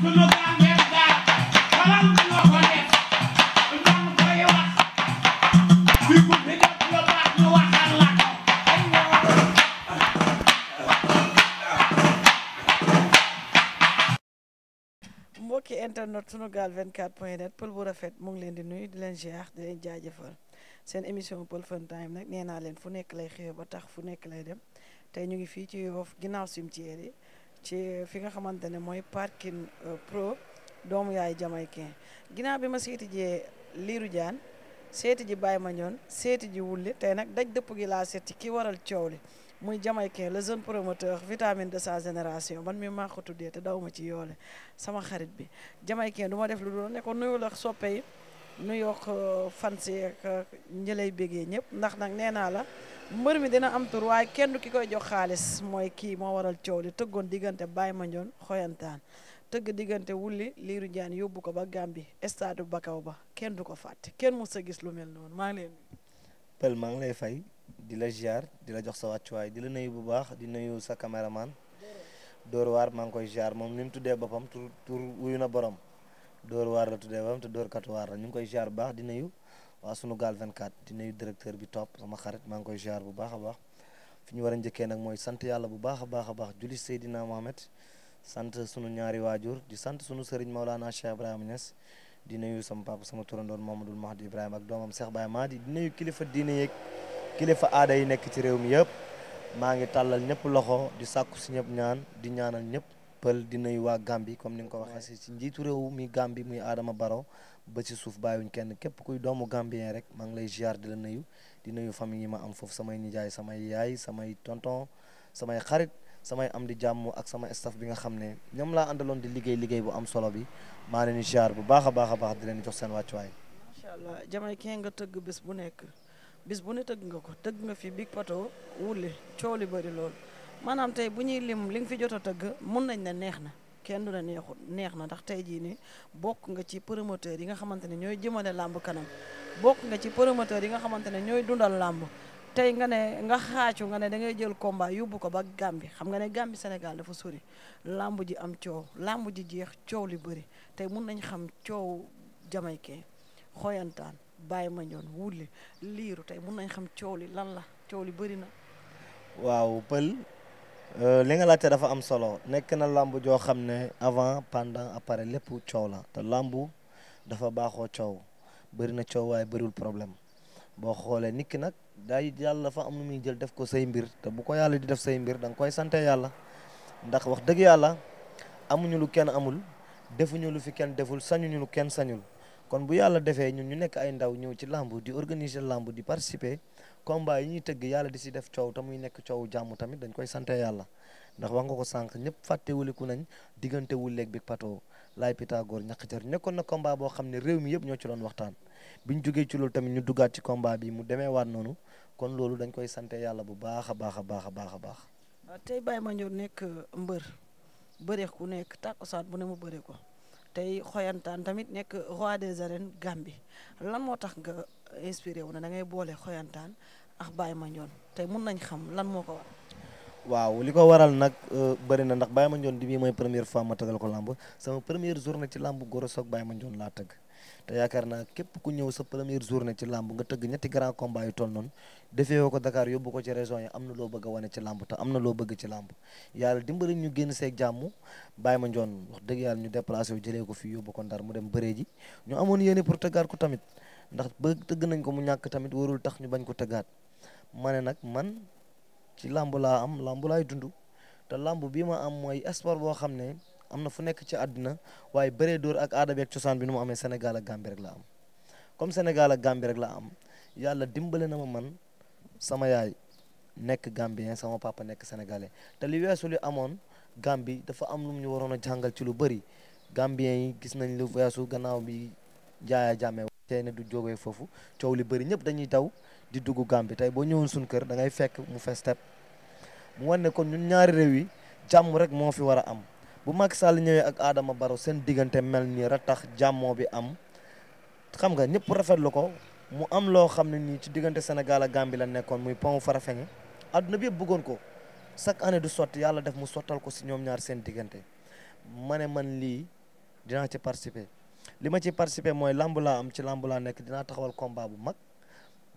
mbokki internet sunugal 24 point net pël bu rafet mu ngi leen di nuyu di leen geex di leen jaajëfal seen émission pël fun time nag nee naa leen fu nekk lay xew ba tax fu nekk lay dem tey ñu ngi fii ci Yoff ginnaaw cimetière yi ci fi nga xamante ne mooy parking euh, pro doomu yaay jamaïcain ginnaaw bi ma seeti jee liiru jaan seeti ji Baye Mandione seeti ji wulli tey nag daj dëpp gi laa seeti ki waral coow li muy jamaïcain le jeune promoteur vitamine de sa génération ban mi maa ko tuddee te daw ma ci yoole sama xarit bi jamaïcain du ma def lu dul ne ko nuyul ak soppe yi nu yokk fansi ak euh, euh, ñi lay bégee ñëpp ndax nag nee naa la mbër mi dina am tur kenn du ki koy jox xaalis mooy kii moo waral coow li tëggoon diggante Baye Mandione xooyantaan tëgg diggante wulli liiru jaan yóbbu ko ba Gàmbi stade Bakaw ba kenn du ko fàtte kenn mos sa gis lu mel noonu maa leen pël maa ngi lay fay di la ziar di la jox sa wàccuwaay di la nuyu bu baax di nuyu sa caméraman Dóor waar maa ngi koy ziar moom ni mu tuddee boppam tur tur na borom Dóor waar la tuddee boppam te Dóor katuwaar la ñu ngi koy jaar bu baax di nuyu waa sunu gaal 24 di nuyu directeur bi topp sama xarit maa ngi koy ziar bu baax a baax fi ñu war a njëkkee nag mooy sant yàlla bu baax a baax a baax julli Seydina Mohamed sant sunu ñaari waajur di sant sunu sëriñ Maulana Cheikh Ibrahima Niass di nuyu sama papa sama turandoon Mamadou Mahdi Ibrahima ak doomam Cheikh Baye Mahdi di nuyu kilifa diine yeeg kilifa aada yi nekk ci réew mi yëpp maa ngi tàllal ñëpp loxo di sàkku si ñëpp ñaan di ñaanal ñëpp pël di nuyu waa Gambie comme ni nga ko waxee si njiitu réew mi Gambie muy Adama Barrow ba ci suuf bàyyiwuñ kenn képp kuy doomu Gambien rek maa ngi lay ziar di la nuyu di nuyu famille yi ma am foofu samay nijaay samay yaay samay tonton samay xarit samay am di jàmm ak sama staff bi nga xam ne ñoom laa àndaloon di liggéey liggéey bu am solo bi maa leen ziar bu baax a baax a baax di leen jox seen wàccuwaay. macha allah jamay kee nga tëgg bés bu nekk bis bu ne tëgg nga ko tëgg nga fi Big Pato wuli coow li bëri lool maanaam tey bu ñuy lim li fi jot tëgg mun nañ ne neex na. kenn du na neexut neex na ndax tey jii nii bokk nga ci promoteur yi nga xamante ne ñooy jëmale làmb kanam bokk nga ci promoteur yi nga xamante ne ñooy dundal làmb tey nga ne nga xaacu nga ne da ngay jël combat yóbbu ko ba Gàmbi xam nga ne Gàmbi senegal dafa sori làmb ji am coow làmb ji jeex coow li bëri tey mun nañ xam coow jamaykee xooyantaan bàyyi ma ñoon wulli liiru tey mun nañ xam coow li lan la coow li bëri na waaw pël Euh, li nga laajte dafa am solo nekk na làmb joo xam ne avant pendant après lépp coow la te làmb dafa baaxoo coow bëri na coow waaye bëriwul problème boo xoolee nit ki nag day yàlla dafa am nu muy jël def ko say mbir te bu ko yàlla di def say mbir dang koy sante yàlla ndax wax dëgg yàlla amuñu lu kenn amul defuñu lu fi kenn deful sañuñu lu kenn sañul kon bu yàlla defee ñun ñu nekk ay ndaw ñëw ci làmb di organiser làmb di participer combat yi ñuy tëgg yàlla di si def coow te muy nekk coow jàmm tamit dañ koy sante yàlla ndax wax nga ko sànq ñëpp fàttewuliku nañ diggante wuleeg bi pato laay Pythagore ñàkk jër nekkoon boo xam ne réew mi yëpp ñoo ci doon waxtaan bi ñu jógee ci loolu tamit ñu duggaat ci combat bi mu demee waat noonu kon loolu dañ sante yàlla bu baax a baax a baax a baax a baax. tey Baye Mandione nekk euh, mbër bëreex ku nekk tàkkusaan bu ne mu bëree ko tey xoyantaan tamit nekk roi des arènes Gambie lan moo tax nga. inspiré wu na da ngay boole xoyantaan ak ma Mandione tey mun nañ xam lan moo ko war. waaw li ko waral nag euh, bëri na ndax Baye Mandione di bii mooy première fois ma tëgal ko làmb sama première na ci làmb Gora Sock Baye Mandione laa tëgg. te yaakaar naa képp ku ñëw sa première journée ci làmb nga tëgg ñetti grand combat yu toll noonu defee ko Dakar yóbbu ko ci région yi am na loo bëgg a wane ci làmb te am na loo bëgg ci làmb yàlla dimbali ñu génn seeg jàmm bàyyi ma njoon wax dëgg yàlla ñu déplacé wu jëlee ko fii yóbbu ko ndar mu dem bëree ji ñu amoon yéene pour tëggaat ko tamit ndax ba tëgg nañ ko mu ñàkk tamit warul tax ñu bañ ko tëggaat ma ne nag man ci làmb laa am làmb laay dund te làmb bi ma am mooy espoir boo xam ne am na fu nekk ci àddina waaye bëree dóor ak aada bi ak cosaan bi nu mu amee Sénégal ak Gambie rek la am comme Sénégal ak Gambie rek la am yàlla dimbale na ma man sama yaay nekk Gambien sama papa nekk Sénégalais te li weesu li amoon gàmbi dafa am lu ñu waroon a jàngal ci lu bëri Gambien yi gis nañ lu weesu gannaaw bi jaaya jàmmee tey ne du jógee foofu coow li bëri ñëpp dañuy daw di dugg Gambie tey boo ñëwul suñu kër da ngay fekk mu festep mu wane kon ñun ñaari réew yi jàmm rek moo fi war a am bu Macky Sall ñëwee ak Adama Barrow seen diggante mel nii ratax jàmmoo bi am xam nga ñëpp rafetlu ko mu am loo xam ne nii ci diggante Sénégal ak Gambie la nekkoon muy pont Farafenni adduna bi yëpp bëggoon ko chaque année du sotti yàlla def mu sottal ko si ñoom ñaar seen diggante ma ne man lii dinaa ci participer li ma ci participer mooy làmb laa am ci làmb laa nekk dinaa taxawal combat bu mag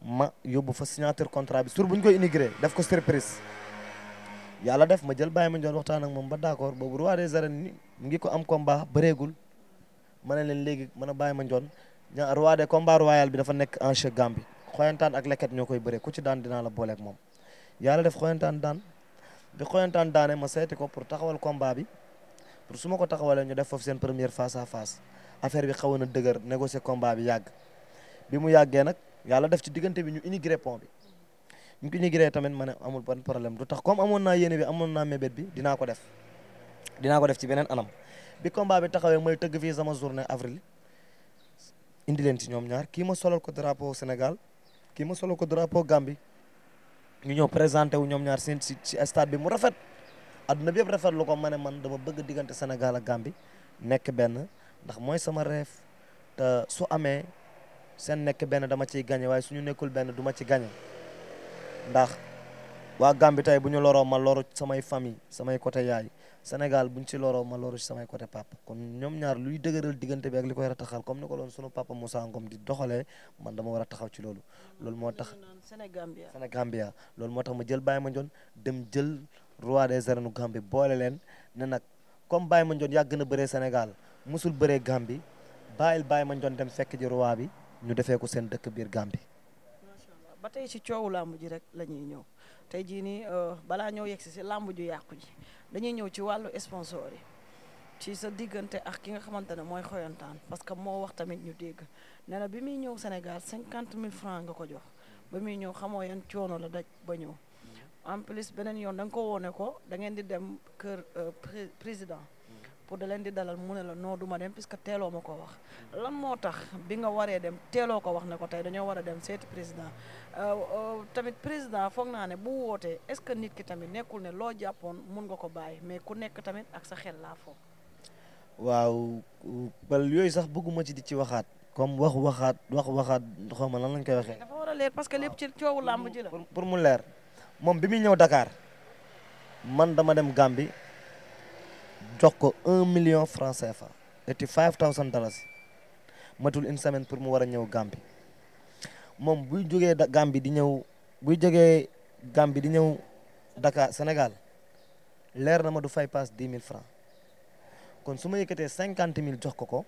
ma yóbbu fa signature contrat bi sur bu ñu koy intégré def ko surprise. yàlla def ma jël bàyyi ma njoon waxtaan ak moom ba d'accord boobu roi des ni mu ngi ko am komba bëreegul ma ne leen léegi mën a bàyyi ma njoon ña roi des combat royal bi dafa nekk en chef Gambie xoyantaan ak leket ñoo koy bëree ku ci daan dinaa la booleeg moom yàlla def xoyantaan daan bi xoyantaan daane ma seeti ko pour taxawal combat bi pour suma ko taxawalee ñu def foofu seen première face à face affaire bi xawoon na dëgër négocier combat bi yàgg bi mu yàggee nag yàlla def ci diggante bi ñu immigré pont bi mu ko tamit ma ne amul ban problème du tax comme amoon naa yéene bi amoon naa mébét bi dinaa ko def dinaa ko def ci beneen anam bi combat bi taxawee may tëgg fii sama journée avril indi leen ci ñoom ñaar kii ma solal ko drapo Sénégal kii ma solal ko drapeau Gambie ñu ñëw présenté wu ñoom ñaar seen ci ci stade bi mu rafet adduna bi yëpp rafet lu ko ma ne man dama bëgg diggante Sénégal ak Gambie nekk benn ndax mooy sama rêve te su amee seen nekk benn dama ciy gagné suñu nekkul benn duma ci gagné ndax waa Gambie tey bu ñu loroo ma loru samay famille samay côté yaay Sénégal bu ñu ci loroo ma loru samay côté papa kon ñoom ñaar luy dëgëral diggante bi ak li koy rataxal comme ni ko loon sunu papa Moussa Ngom di doxalee man ma war a taxaw ci loolu. loolu moo tax Sénégambia Sénégambia loolu moo tax ma jël Baye Mandione dem jël roi des arènes Gambie boole leen ne nag comme Baye Mandione yàgg na bëree Sénégal musul bëree Gambie bàyyil Baye Mandione dem fekk ji roi bi ñu defee ko seen dëkk biir Gambie. ba tey ci coowu làmb ji rek la ñuy ñëw tey jii nii euh, balaa ñëw yegg si si làmb ju yàqu ji dañuy ñëw ci wàllu sponsor yi ci sa diggante ak ki nga xamante ne mooy xoyantaan parce que moo wax tamit ñu dégg nee na bi muy ñëw Sénégal cinquante mille francs nga ko jox ba muy ñëw xamoo yan coono la daj ba ñëw en plus beneen yoon da nga ko woone ko da ngeen di dem kër euh, président pour da leen dalal mu ne la non du ma dem puisque teeloo ma ko wax lan moo tax bi nga waree dem teeloo ko wax ne ko tey dañoo war a dem seeti président euh, euh, tamit président foog naa ne bu wootee est-ce que nit ki tamit nekkul ne loo jàppoon mun nga ko bàyyi mais ku nekk tamit ak sa xel laa foog waaw bal yooyu sax bëgguma ci di ci waxaat kom wax waxaat wax waxaat xaw ma lan lañ koy waxee. dafa war a leer parce que lépp ci coowu làmb ji la. pour mu leer moom bi muy ñëw dakaar man dama jox ko un million franc CFA eighty five thousand dollars matul une semaine pour mu war a ñëw Gambie moom buy jógee Gambie di ñëw buy jógee Gambie di ñëw Dakar Sénégal leer na ma du fay paas dix mille franc kon su ma yëkkatee cinquante mille jox ko ko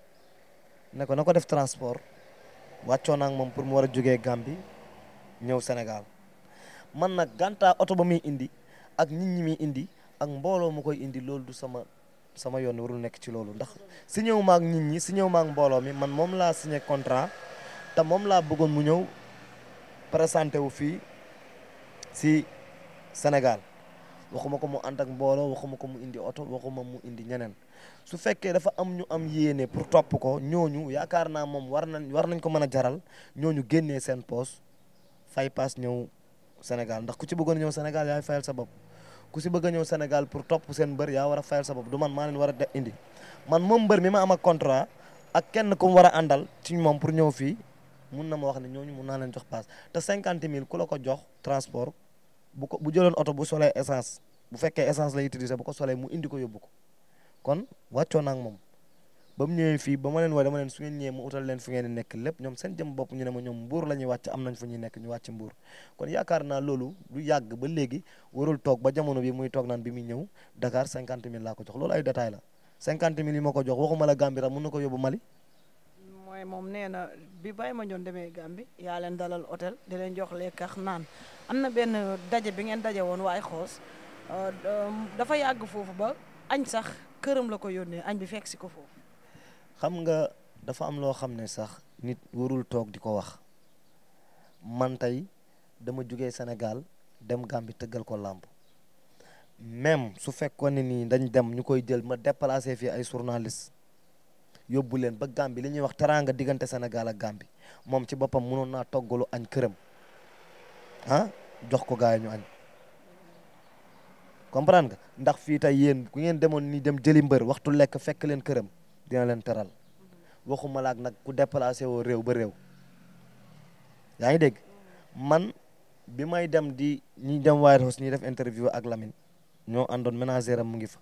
ne ko na ko def transport wàccoo naa moom pour mu war a jógee Gambie ñëw Sénégal man nag gàntaa oto ba mu indi ak nit ñi muy indi ak mbooloo mu koy indi loolu du sama sama yoon warul nekk ci loolu ndax si ñëw maak nit ñi si ñëw maak mbooloo mi man moom laa signé contrat te moom laa bëggoon mu ñëw présenté wu fii si Sénégal waxuma ko mu ànd ak mbooloo waxuma ko mu indi oto waxuma mu indi ñeneen su fekkee dafa am ñu am yéene pour topp ko ñooñu yaakaar naa moom war nañ war nañ ko mën a jaral ñooñu génnee seen poos fay paas ñëw Sénégal ndax ku ci bëggoon ñëw Sénégal yaay fayal sa bopp ku si bëgg a ñëw Sénégal pour topp seen mbër yaa war a fayal sa bopp du man maa leen war a def indi man moom mbër mi ma am ak ak kenn ku mu war a àndal ci moom pour ñëw fii mun na ma wax ne ñooñu mun naa leen jox paas te cinquante mille ku la ko jox transport bu ko bu jëloon oto bu solee essence bu fekkee essence la utiliser bu ko solee mu indi ko yóbbu ko kon wàccoo naa moom. ba mu ñëwee fii ba ma leen wooye dama leen su ngeen ñëwee mu utal leen fu ngeen nekk lépp ñoom seen jëm bopp ñu ne ma ñoom mbuur la ñuy wàcc am nañ fu ñuy nekk ñu wàcc mbuur kon yaakaar naa loolu lu yàgg ba léegi warul toog ba jamono bi muy toog naan bi muy ñëw Dakar cinquante mille laa ko jox loolu ay détail la cinquante mille yi ma ko jox waxuma la Gambie tam na ko yóbbu Mali mooy moom nee na bi bàyyi ma ñoon demee Gambie yaa leen dalal hôtel di leen jox lekk naan am na benn daje bi ngeen daje woon waaye xoos euh, euh, dafa yàgg foofu ba añ sax këram la ko yónnee añ bi fekk si ko foofu xam nga dafa am loo xam ne sax nit warul toog di ko wax man tey dama jóge Sénégal dem Gambie tëggal ko làmb même su fekkoon ne nii dañ dem ñu koy jël ma déplacé fii ay journaliste yóbbu leen ba Gambie li ñuy wax teraanga diggante Sénégal ak Gambie moom ci boppam mënoon naa toggalu añ këram ah jox ko gaay ñu añ comprendre nga ndax fii tey yéen ku ngeen demoon nii dem jëli mbër waxtu lekk fekk leen këram dina leen teral waxuma laak nag ku déplacé woo réew ba réew yaa ngi dégg man bi may dem di ñi dem White House ñuy def interview ak Lamine ñoo àndoon ménagère am mu ngi fa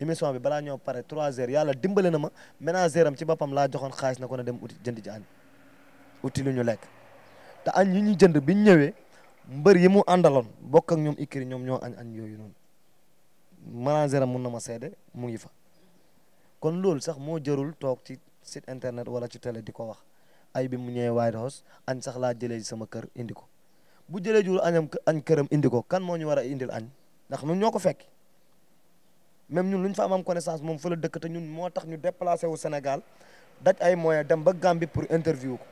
émission bi balaa ñoo pare trois heures yàlla dimbale na ma ménagère am ci boppam laa joxoon xaalis na ko dem uti jënd ci añ lekk te añ yi ñu jënd biñ ñëwee mbër yi mu àndaloon bokk ak ñoom ikkiri ñoo añ añ yooyu noonu ménagère mun na ma seede mu ngi fa kon loolu sax moo jërul toog ci site internet wala ci télé di ko wax ay bi mu ñëwee White House añ sax laa jëlee sama kër indi ko bu jëlee jul añam añ këram indi ko kan moo ñu war a indil añ ndax ñun ñoo ko fekk même ñun lu ñu fa am am connaissance moom fa la dëkk te ñun moo tax ñu déplacé wu Sénégal daj ay moyens dem ba Gambie pour interview ko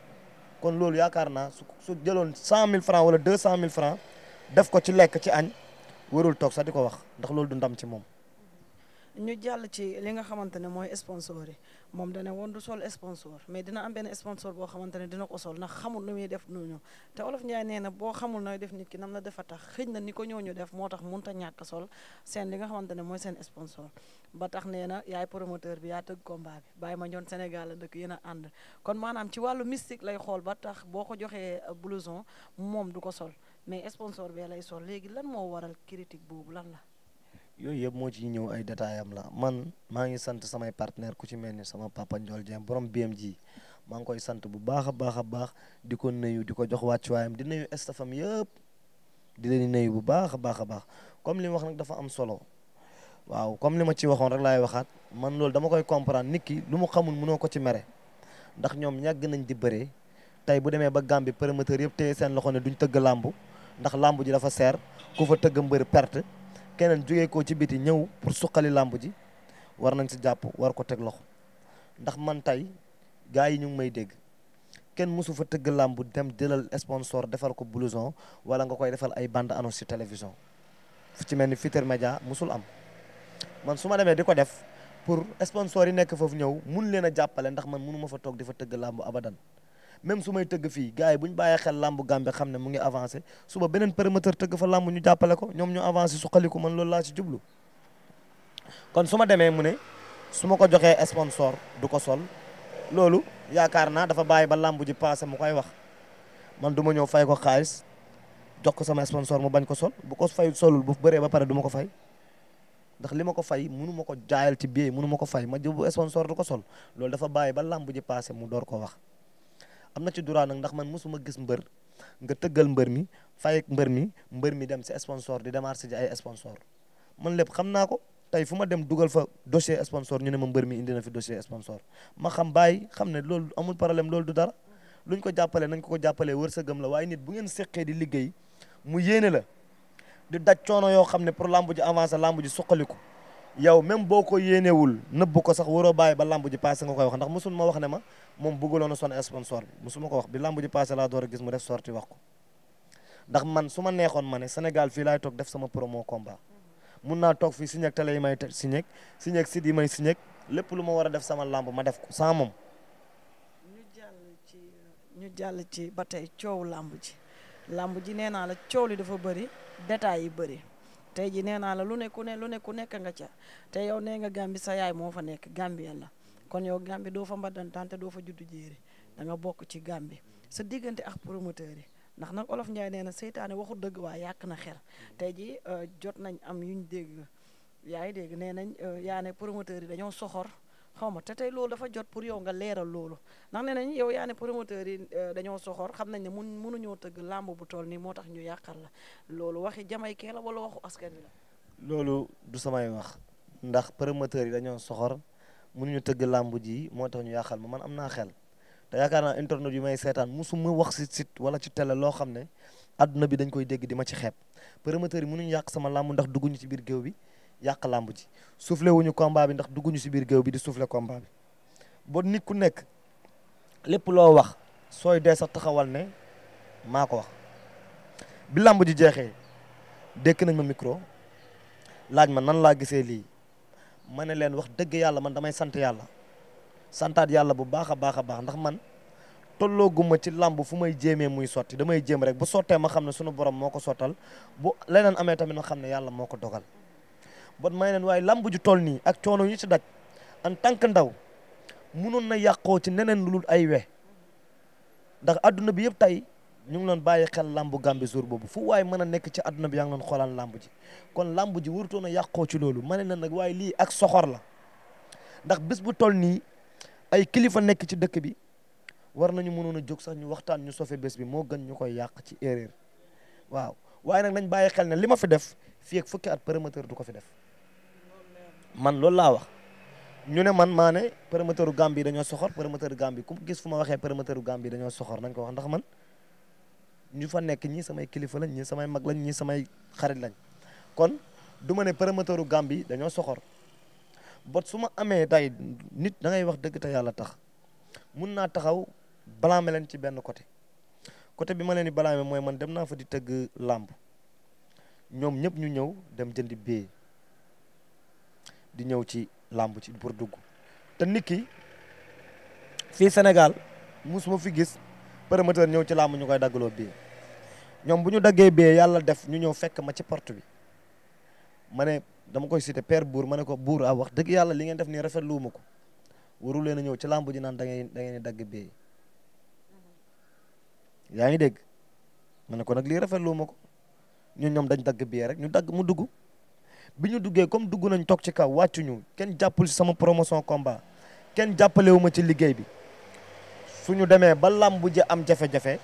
kon loolu yaakaar naa su su jëloon cent mille francs wala deux cent mille francs def ko ci lekk ci añ warul toog sax di ko wax ndax loolu du ndam ci moom. ñu jàll ci li nga xamante ne mooy sponsor yi moom dana woon du sol sponsor mais dina am benn sponsor boo xamante ne dina ko sol ndax xamul nu muy def ñooñu te olof Ndiaye nee na boo xamul nooy def nit ki nam la a tax xëj na ni ko ñu def moo tax mun a ñàkk sol seen li nga xamante ne mooy seen sponsor ba tax nee na yaay promoteur bi yaa tëgg combat bi bàyyi ma ñoon Sénégal la dëkk yéen a ànd kon maanaam ci wàllu mystique lay xool ba tax boo ko joxee euh, blouson moom du ko sol mais sponsor bee lay sol léegi lan moo waral critique boobu lan la. yooyu yëpp moo ci ñëw ay détails la man maa ngi sant samay partenaire ku ci mel ni sama papa Ndiol Dieng borom BMG maa ngi koy sant bu baax a baax a baax di ko nuyu di ko jox wàccuwaayam di nuyu estafam yëpp di leen nuyu bu baax a baax a baax comme li wax dafa am solo waaw comme li ma ci waxoon rek laay waxaat man loolu dama koy comprendre nit ki lu mu xamul munoo ko ci mere ndax ñoom ñàgg nañ di bëree tey bu demee ba Gambie promoteur yëpp téye seen loxo ne duñ tëgg làmb ndax làmbu ji dafa seer ku fa tëgg mbër perte. keneen jógee koo ci biti ñëw pour suqali làmb ji war nañ si jàpp war ko teg loxo ndax man tey gars yi ñu ngi may dégg kenn mësu fa tëgg làmb dem jëlal sponsor defal ko blouson wala nga koy defal ay bande annonce ci télévision fu ci mel ni Fitter Média mosul am man su ma demee di ko def pour sponsor yi nekk foofu ñëw mun leen a jàppale ndax man mënuma fa toog di fa tëgg làmb abadan même su may tëgg fii gars yi bu ñu bàyyee xel làmb Gambie xam ne mu ngi avancé suba beneen promoteur tëgg fa làmb ñu jàppale ko ñoom ñu avancé suqaliku man loolu laa ci jublu kon su ma demee mu ne su ma ko joxee sponsor du ko sol loolu yaakaar naa dafa bàyyi ba làmb ji passé mu koy wax man du ma ñëw fay ko xaalis jox ko sama sponsor mu bañ ko sol bu ko fay solul bu bëree ba pare du ma ko fay ndax li ma ko fay munu ma ko jaayal ci biir munu ma ko fay ma jëbu sponsor du ko sol loolu dafa bàyyi ba làmb ji passé mu door ko wax am na ci droit nag ndax man mosuma gis mbër nga tëggal mbër mi fayek mbër mi mbër mi dem si sponsor di démarché ji ay sponsor man lépp xam naa ko tey fu ma dem dugal fa dossier sponsor ñu ne ma mbër mi indi na fi dossier sponsor ma xam bàyyi xam ne loolu amul problème loolu du dara luñ ko jàppale nañ ko ko jàppalee wërsëgam la waaye nit bu ngeen seqee di liggéey mu yéene la di daj coono yoo xam ne pour lamb ji avancé lamb ji suqaliku yow même boo ko yéenewul nëbb ko sax waroo bàyyi ba lamb ji passé nga koy wax ndax mosul ma wax ne ma moom bëgguloon a son sponsor bi mosu ma ko wax bi lamb ji passé laa door a gis mu def sorti wax ko ndax man su ma neexoon ma ne Sénégal fii laay toog def sama promo combat mun naa toog fii signé ak télé yi may signé signé ak site yi may signé lépp lu ma war a def sama lamb ma def ko sans moom. ñu jàll ci ñu jàll ci ba tey coow làmb ji làmb ji nee naa la coow li dafa bëri détails yi bëri. tey ji nee naa la lu nekku ku lu ne ku nekk nga ca te yow nee nga Gambie sa yaay moo fa nekk Gambie la kon yow Gambie doo fa mbadantaan te doo fa juddu jéeri da bokk ci Gambie sa diggante ak promoteur yi ndax nag olof Ndiaye nee na seytaane waxul dëgg waa yàq na xel tey ji euh, jot nañ am yuñ dégg yaa ngi dégg nee nañ euh, yaa ne promoteur yi dañoo soxor xaw ma te tey loolu dafa jot pour yow nga leeral loolu ndax ne nañ yow yaa ne promoteurs yi euh, dañoo soxor xam nañ ne mun mënuñoo tëgg làmb bu toll nii moo tax ñu yàqal la loolu waxi jamaykee la wala waxu askan wi loolu du samay wax ndax promoteurs yi dañoo soxor mënuñu tëgg làmbu jii moo tax ñu yàqal ma man am naa xel te yaakaar naa internet yu may seetaan su ma wax si site wala ci télé loo xam ne adduna bi dañ koy dégg di ma ci xeeb promoteurs yi mënuñu yàq sama làmb ndax dugguñu ci biir géew bi. yàq làmb ji soufflé wuñu combat ndax dugguñu si biir géew bi di soufflé combat bi ba nit ku nekk lépp loo wax sooy dee sax taxawal ne maa ko wax bi làmb ji jeexee dékk nañ ma micro laaj ma nan laa gisee lii ma ne leen wax dëgg yàlla man damay sant yàlla santaat yàlla bu baax a baax a baax ndax man tollooguma ci làmb fu may jéemee muy sotti damay jéem rek bu sottee ma xam ne sunu borom moo ko sottal bu leneen amee tamit ma xam ne yàlla moo ko dogal bon may leen waaye lamb ju toll nii ak coono yi ci daj en tant ndaw munoon na yàqoo ci neneen lu ay we ndax adduna bi yëpp tey ñu ngi doon bàyyi xel lambu Gambie jour boobu fu waaye mën a nekk ci adduna bi yaa ngi xoolaan lamb ji kon lamb ji warutoon a yàqoo ci loolu ma ne na nag waaye lii ak soxor la ndax bis bu toll nii ay kilifa nekk ci dëkk bi war nañu mënoon a jóg sax ñu waxtaan ñu sofe bés bi moo gën ñu koy yàq ci erreur waaw waaye nag nañ bàyyi xel ne li ma fi def fii ak fukki at promoteur du ko fi def man loolu laa wax ñu ne man maa ne promoteur Gambie dañoo soxor promoteur Gambie ku gis fu ma waxee promoteur Gambie dañoo soxor nañ ko wax ndax man ñu fa nekk ñi samay kilifa lañ ñii samay mag lañ ñii samay xarit lañ kon du ma ne promoteur Gambie dañoo soxor bot su ma amee day nit dangay wax dëgg te yàlla tax mun naa taxaw balaame leen ci benn côté côté bi ma leen di balaame mooy man dem naa fa di tëgg làmb ñoom ñëpp ñu ñëw dem jënd bee di ñëw ci làmb ci pour dugg te nit ki fii Sénégal musuma fi gis ma promoteur ñëw ci làmb ñu koy daggaloo bii ñoom bu ñu daggee bee yàlla def ñu ñëw fekk ma ci porte bi ma ne dama koy cité père Bour ma ne ko Bour a ah wax dëgg yàlla li ngeen def nii rafetluuma ko waru leen a ñëw ci làmb ji naan da ngeen da dagg bee yaa ngi dégg ma ne ko nag lii rafetluuma ko ñun ñoom dañ dagg bee rek ñu dagg mu dugg. bi ñu duggee comme dugg nañ toog ci kaw wàccuñu kenn jàppul si sama promotion combat kenn jàppalewu ma ci liggéey bi suñu demee ba làmb ji am jafe-jafe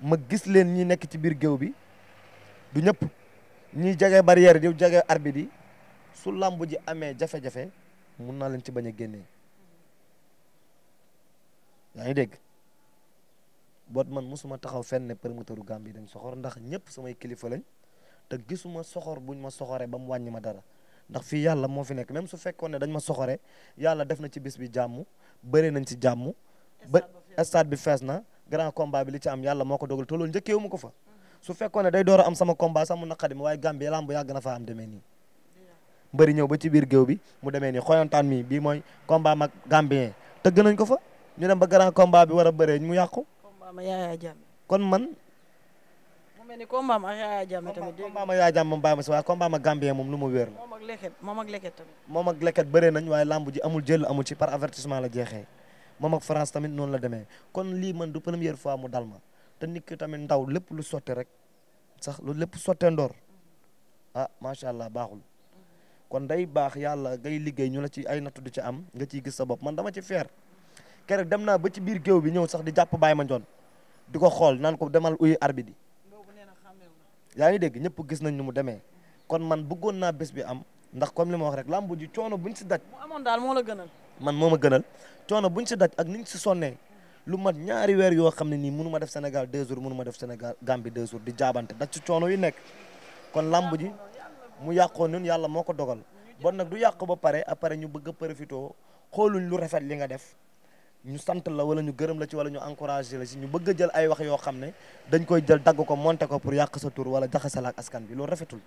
ma gis leen ñi nekk ci biir géew bi du ñëpp ñuy jege barrière di jege arbitre yi su làmb ji amee jafe-jafe mun naa leen ci bañ a génnee yaa ngi dégg boot man mosuma taxaw fenn ne promoteur Gambie dañ soxor ndax ñëpp samay kilifa lañ te gisuma soxor buñ ma soxoree ba mu wàññi ma dara ndax fii yàlla moo fi nekk même su fekkoon ne dañ ma soxoree yàlla def na ci bis bi jàmm bëri nañ ci jàmm. ba stade bi fees na grand combat bi li ci am yàlla moo ko dogal te loolu njëkkeewu ma ko fa. su fekkoon ne day door am sama combat sax mu naqadi ma waaye Gambie lamb yàgg na faa am demee nii. ñëw ba ci biir géew bi mu demee nii xoyantaan mii bii mooy combat mag Gambien tëgg nañ ko fa ñu dem ba grand bi war a bëree mu yàqu. kon man. mel ni combat ma ak Yaya Jammeh ma Yaya Jammeh moom bàyyi ma si waaye combat ma moom lu mu wér la moom ak leket moom ak leket tamit moom ak nañ waaye lamb ji amul jël amul ci par avertissement la jeexee moom ak France tamit noonu la demee kon lii man du première fois mu dal ma te nit tamit ndaw lépp lu sotte rek sax lu lépp sottee ndoor ah macha allah baaxul kon day baax yàlla gay liggéey ñu la ci ay nattu du ci am nga ciy gis sa bopp man dama ci feer keroog dem naa ba ci biir géew bi ñëw sax di jàpp Baye Mandione di ko xool naan ko demal uyu arbitre bi yaa ngi dégg ñëpp gis nañ ni mu demee kon man bëggoon naa bés bi am ndax comme li ma wax rek làmb ji coono buñ si daj. mu amoon daal moo la gënal. man moo ma gënal coono buñ si daj ak niñ si sonnee lu mat ñaari weer yoo xam ne nii mënu ma def Sénégal des jours mënu ma def Sénégal Gambie deux jours di jaabante daj si coono yu nekk kon làmb ji mu yàqoon ñun yàlla moo ko dogal bon nag du yàq ba pare après ñu bëgg a profité xooluñ lu rafet li nga def. ñu sant la wala ñu gërëm la ci wala ñu encouragé la si ñu bëgg jël ay wax yoo xam ne dañ koy jël dagg ko monté ko pour yàq sa tur wala jaxasal ak askan bi loolu rafetul.